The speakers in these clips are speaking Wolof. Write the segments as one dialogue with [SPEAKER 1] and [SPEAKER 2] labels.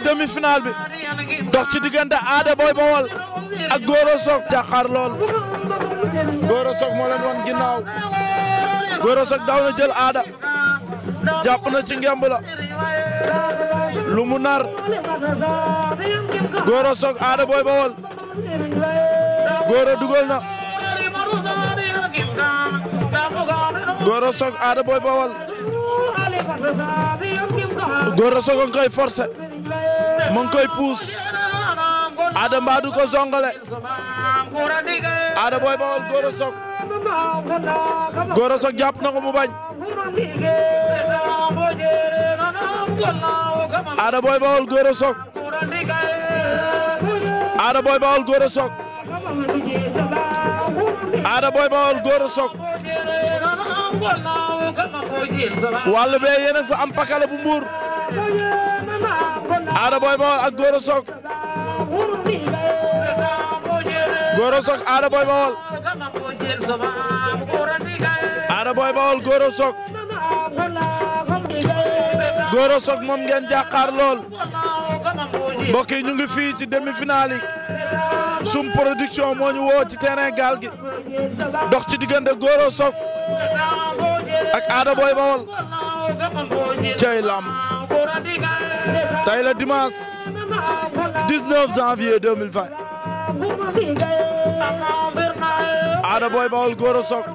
[SPEAKER 1] ci demi-finale bi dox ci diggante Ada Boy Bawol ak Goro Sock jàkkaar lool Goro Sock ginnaaw Goro Sock daw na jël Ada jàpp na ci ngemb la mu nar Goro Sock Ada Boy Bawol Goro dugal na Goro Sock Ada Boy Bawol Goro Sock koy forcer mu puus Ada du ko zongale Ada Boy Baol Gora Sock Gora jàpp na ko mu bañ Ada Boy Baol Gora Sock Ada Boy Baol Gora Sock Ada Boy Baol Gora Sock wàllu bee yéen Ada Boy ak Gora Sock moom ngeen jàkkaar lool mbokk ñu ngi fii ci demi sum production moo woo ci terrain gaal gi dox ci diggante Gora ak Ada Boy cey lamb tey la dimanche 19 janvier 2020 Ada Boy Baol Gora Sock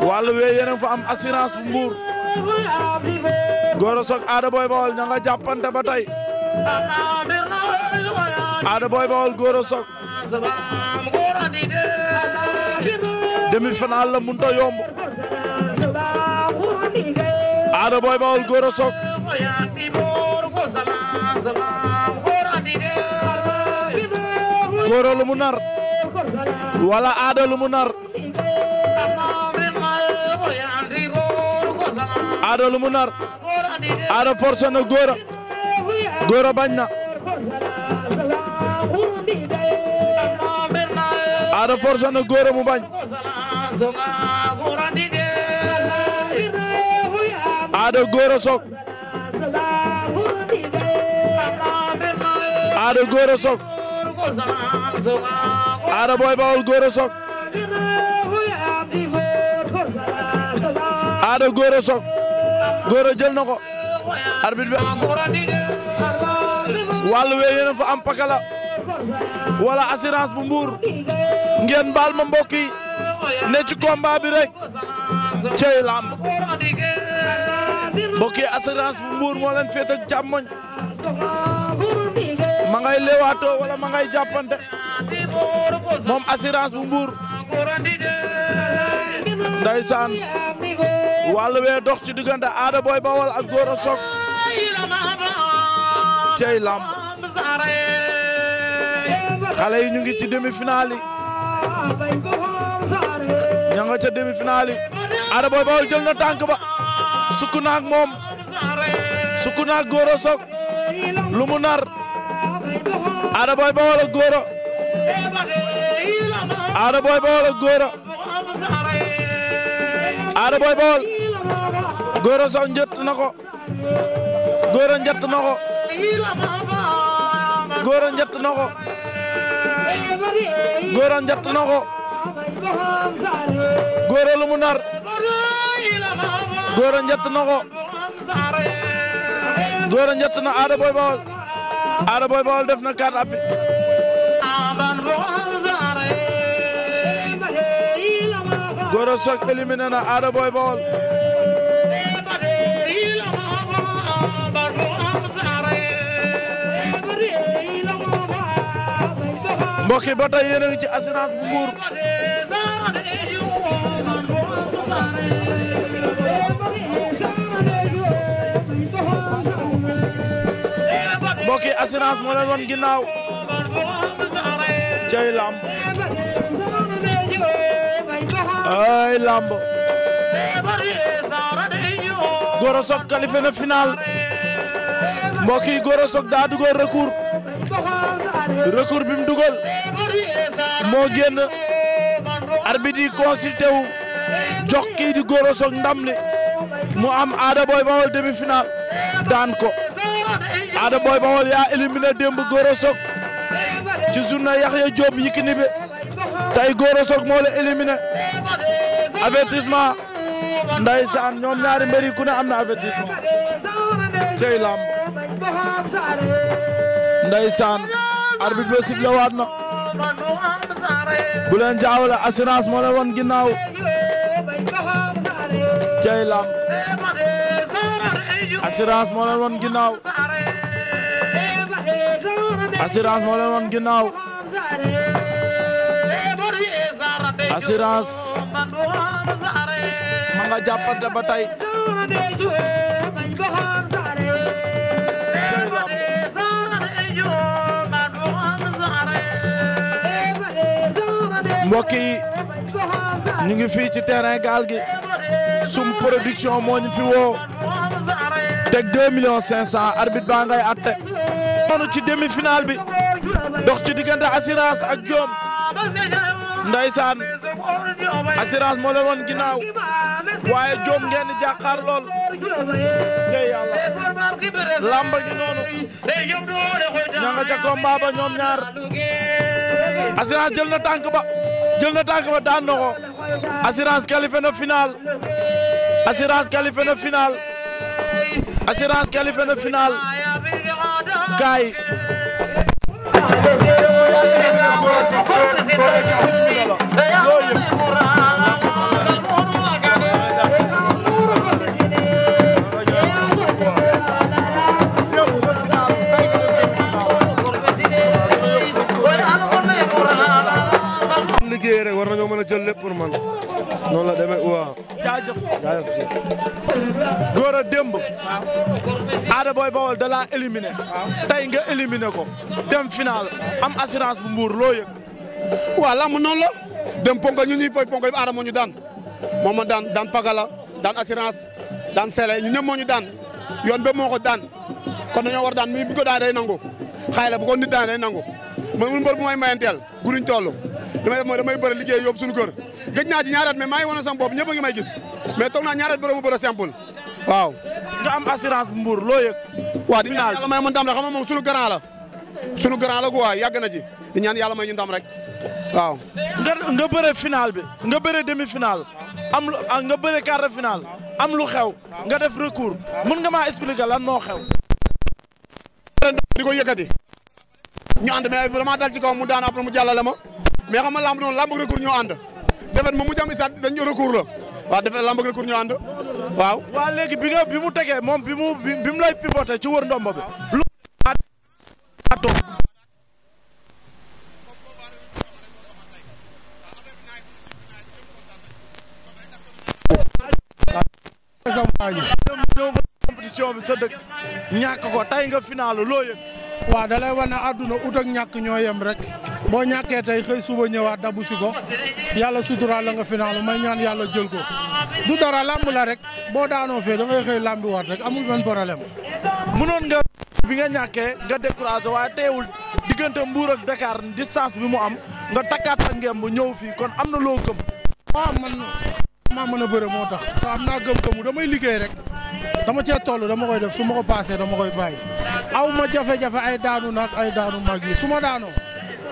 [SPEAKER 1] wàllu wee fa am assurance bu mbuur Gora Ada Boy Baol ña nga jàppante ba tey Ada Boy Baol Gora Sock demi-finale la mënut yomb Ada Boy Baol Gora góoro lu mu nar wala aada lu mu nar aada lu mu nar aada forcé na góora góora bañ aada forcé na góora mu bañ aada góora sok Ada Gora Sock Ada Boy Baol Gora Sock Ada Gora Sock Gora jël na ko arbitre bi wàllu wee yéen fa am pakala wala assurance bu mbuur ngeen baal ma mbokk ne ci combat bi rek cey lamb mbokk yi assurance bu mbuur moo leen ma ngay leewaatoo wala jàppante moom assurance bu mbuur ndaysaan wàll wee dox ci diggante aada booy bawal ak góor a sok cey làmb xale yi ñu ngi ci demi-finale yi nga ca demi-finale yi aada booy jël na tànk ba sukk moom sukk góor a sok lu mu nar Ada Boy Baol ak Gora Ada Boy Baol ak Gora ko Gora njëtt ko Gora njëtt ko Gora njëtt na ko mu nar Gora ko Gora njëtt na Ada Boy Ada Boy Baol def na quatre appuis Gora Sock éliminé na Ada Boy Baol mbokk yi ci assurance bu assurance moo leen won ginnaaw cey lamb ay lamb Gora Sock na final mbokk yi Gora daa dugal recours recours bi mu dugal moo génn arbitre yi jox kii di Gora ndam li mu am Ada Boy Baol demi final daan ko Ada Boy Baol yaa éliminé démb Goro ci journée Yaxya Diop Yékini bi tey Goro Sock moo la éliminé avertissement ñoom ñaari mbër ku ne am na avertissement cey lamb ndeysaan arbitre bi sifflé waat na bu leen jaawale assurance moo leen ginnaaw cey lamb assurance moo leen woon ginnaaw assurance moo leen woon ginnaaw assurance ma nga ba tey ñu ngi fii ci terrain gaal gi sum production moo ñu fi woo teg 2 millions 500 arbitre baa ngay atte noonu ci demi-finale bi dox ci diggante assurance ak joom ndaysaan assurance moo leen woon ginnaaw waaye joom ngeen di lool tey yàlla noonu ña nga ca ñoom ñaar assurance jël na tànk ba jël na tànk ba daan na ko assurance na final assurance qualifié na final assurance qualifié na final gaay yi noonu la demee waaw. jaajëf jaajëf. góor démb. Ada Boy Baol da laa éliminé. nga éliminé ko. dem final am assurance bu mbuur loo yëg. waaw la. dem ponkal ñu ñuy fay ponkal yëpp Ada moo daan. moom daan daan pagala daan assurance daan sele ñu ñëpp moo daan yoon ba moo ko daan kon war daan mi bu ko daan day nangu xaay la bu ko nit daan day nangu man mën mbër bu may mayanteel guruñ toll. li may def mooy damay bëri liggéey yóbbu suñu kër gëj naa ci ñaaraat mais maa ngi wane sama bopp ñëpp a ngi may gis mais toog naa ñaaraat bëri mu bëri simple waaw nga am assurance bu mbuur loo yëg waaw di ñaan may ma ndam la xam nga moom suñu grand la suñu grand la quoi yàgg na ci di ñaan yàlla may ñu ndam rek waaw nga nga bëre final bi nga bëre demi final am lu ah, nga bëre quart final am lu xew nga def recours mën nga maa expliquer lan moo xew di ko yëkkati ñu ànd mais vraiment dal ci kaw mu daan après mu ma mais xam nga lamb noonu lamb recours ñoo ànd defet moom mu jam isaat dañ ñu recours la waaw defet lamb recours ñoo ànd waaw waaw léegi bi nga bi mu tegee moom bi mu bi mu lay pivoté ci wër ndomba bi lu toog ñëw compétition bi sa dëkk ñàkk ko tey nga final loo yëg waaw wane àdduna ut ak ñàkk ñoo yem rek boo ñàkkee tey xëy suba ñëwaat dabu si ko yàlla suturaal la nga final may ñaan yàlla jël ko du dara làmb la rek boo daanoo fee da ngay xëy làmbi waat rek amul benn problème. nga bi nga ñàkkee nga découragé waaye teewul diggante Mbour ak Dakar bi mu am nga takkaat ak ngemb ñëw fii kon am na loo gëm. waaw man maa mën a bëre moo tax. am naa gëm-gëmu damay liggéey rek. dama cee toll dama koy def su ma ko paasee dama koy bàyyi aw ma jafe-jafe ay daanu nag ay daanu mag yi su ma daanoo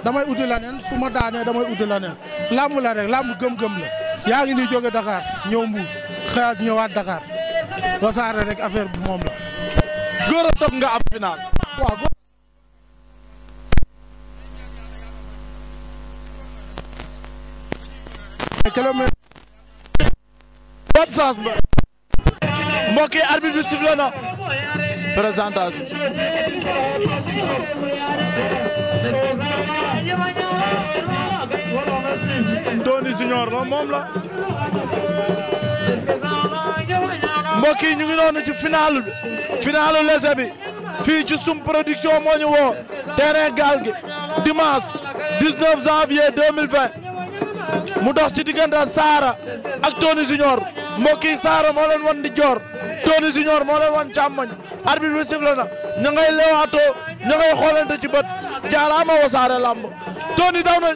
[SPEAKER 1] damay uddi leneen su ma daanee damay uddi leneen làmb la rek làmb gëm-gëm la yaa ngi nii jóge Dakar ñëw Mbour xëyaat ñëwaat Dakar wasaare rek affaire bi moom la. góor a nga am final. waaw góor bi sifflé na. présentation Tony Junior la moom la mbokk yi ñu ngi noonu ci final bi finalu lese bi fii ci Soum Production moo ñu woo terrain gaal gi dimanche 19 janvier 2020 mu dox ci diggante Saara ak Tony Junior mbokk Saara moo leen joor Tony Junior moo leen wan càmmoñ arbitre bi sifflé na ña ngay leewaatoo ña ngay xoolante ci bët jaaraama wa Saare Lamb Tony daw na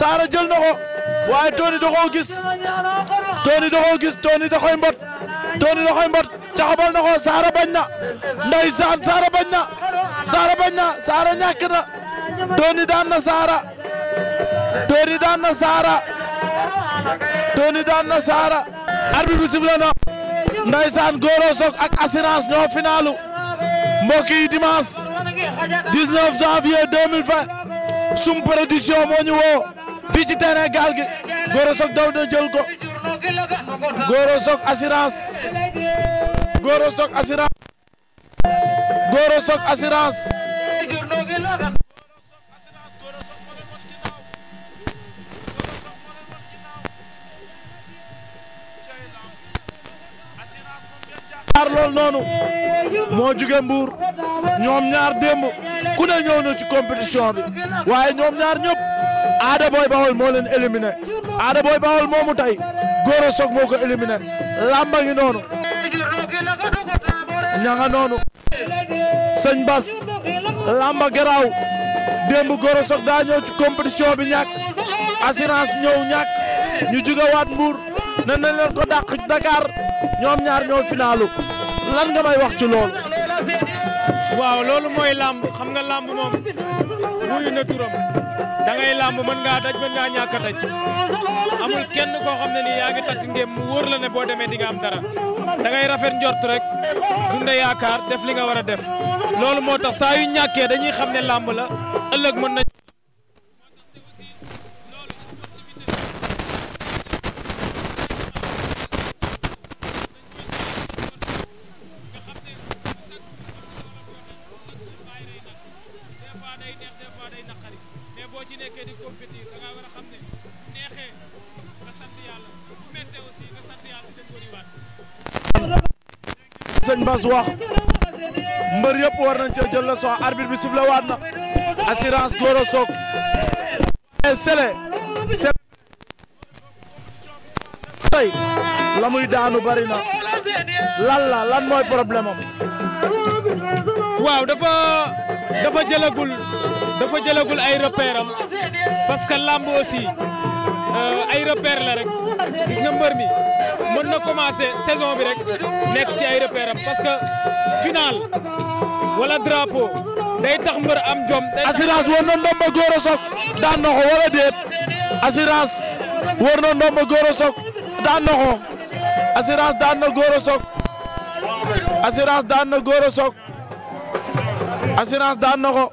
[SPEAKER 1] Saare jël na ko waaye Tony da koo gis Tony da koo gis Tony da koy mbot Tony da koy mbot caxabal na ko Saare bañ na ndeysaan Saare bañ na Saare bañ na Saare ñàkk na daan na Saara Tony daan na Saara Tony daan na Saara arbitre bi sifflé Ndaysaan Goro Sock ak assurance ñoo finalu mbokk yi dimanche 19 janvier sum production moo ñu woo fii ci terrain gaal gi Goro Sock daw na jël ko Sarr lool noonu moo jóge Mbour ñoom ñaar démb ku ne ñëw na ci compétition bi waaye ñoom ñaar ñëpp Ada Boy Baol moo leen éliminé Ada Boy Baol moomu tey Gora moo ko éliminé lamba ngi noonu ña noonu sëñ Bas lamba garaaw démb Gora daa ñëw ci compétition bi ñàkk assurance ñëw ñàkk ñu jóge waat Mbour ne nañ leen ko dàq Dakar ñoom ñaar ñoo finalu lan nga may wax ci loolu. waaw loolu mooy làmb xam nga làmb moom wuyu na turam da làmb mën ngaa daj mën ngaa ñàkk a daj amul kenn koo xam ne nii yaa ngi takk ngéem mu wóor la ne boo demee di nga am dara da rafet njort rek dunda yaakaar def li nga war a def loolu moo tax saa yu ñàkkee dañuy xam ne làmb la ëllëg mën nañ sëñ Bass wax mbër yëpp war nañ cee jël la soo arbitre bi sifflé waat na assurance Gora Sock sele eh, sele tey la muy daanu bari na lan la lan mooy problème am waaw dafa dafa jëlagul dafa jëlagul ay repère am parce aussi ay repères la rek gis nga mbër mi mën na commencer saison bi rek nekk ci ay repères am parce que final wala drapeau day tax mbër am jom. assurance war na ndomba góor a daan na ko wala assurance war na ndomba góor a daan na assurance daan na góor a assurance daan na góor a assurance daan na ko.